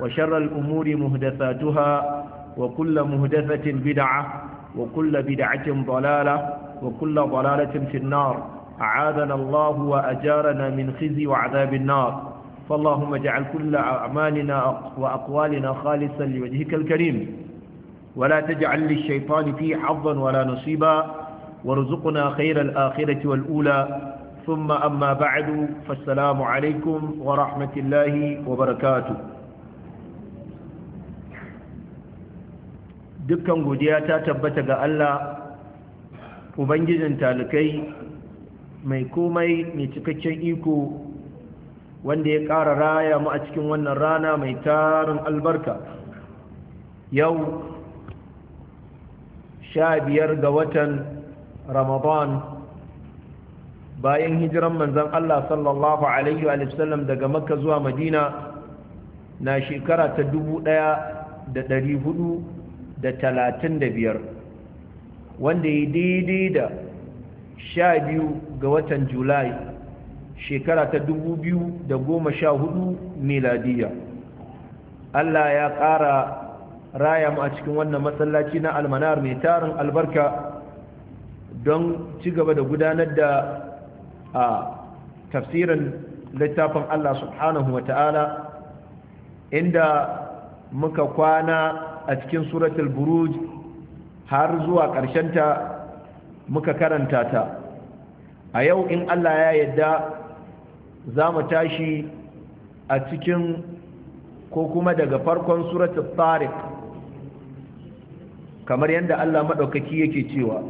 وشر الأمور مهدفاتها وكل مهدفة بدعة وكل بدعة ضلالة وكل ضلالة في النار أعاذنا الله وأجارنا من خزي وعذاب النار فاللهم اجعل كل أعمالنا وأقوالنا خالصا لوجهك الكريم ولا تجعل للشيطان فيه حظا ولا نصيبا وارزقنا خير الآخرة والأولى ثم أما بعد فالسلام عليكم ورحمة الله وبركاته dukkan godiya ta tabbata ga Allah ubangijin talikai mai komai mai cikakken iko wanda ya ƙara raya mu a cikin wannan rana mai tarin albarka yau sha biyar ga watan ramadan bayan hijiran manzan Allah sallallahu alaihi wa sallam daga makka zuwa madina na shekara ta dubu ɗaya da ɗari hudu da talatin da biyar wanda ya daidai da sha biyu ga watan julai shekara ta dubu biyu da goma sha hudu miladiya allah ya ƙara raya mu a cikin wannan matsalaci na almanar mai tarin albarka don ci gaba da gudanar da a tafsirin littafin allah subhanahu wa ta'ala inda muka kwana a cikin suratul buruj har zuwa ƙarshen ta muka karanta ta a yau in Allah ya yadda za mu tashi a cikin ko kuma daga farkon suratul tariq kamar yadda Allah maɗaukaki yake cewa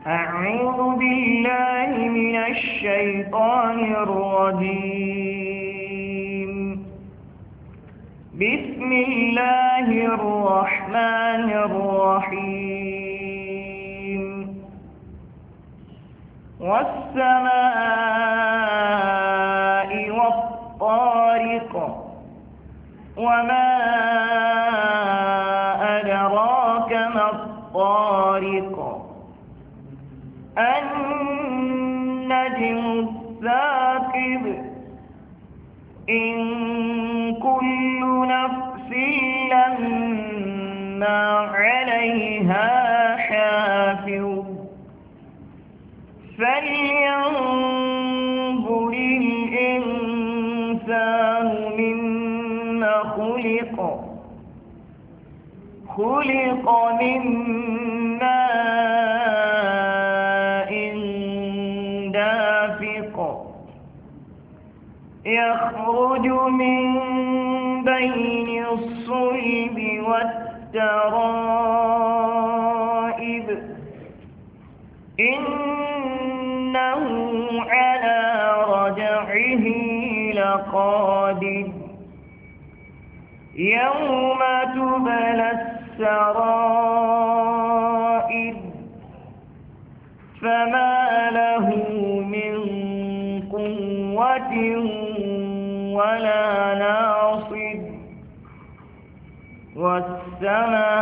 أعوذ بالله من الشيطان الرجيم بسم الله الرحمن الرحيم والسماء والطارق وما أدراك ما الطارق النجم الثاقب إن كل نفس لما عليها حافظ فلينظر الإنسان مما خلق خلق مما يخرج من بين الصلب والترائب إنه على رجعه لقادر يوم تبلى السرائر فما له من وَلَا نَاصِبٍ وَالسَّمَاءِ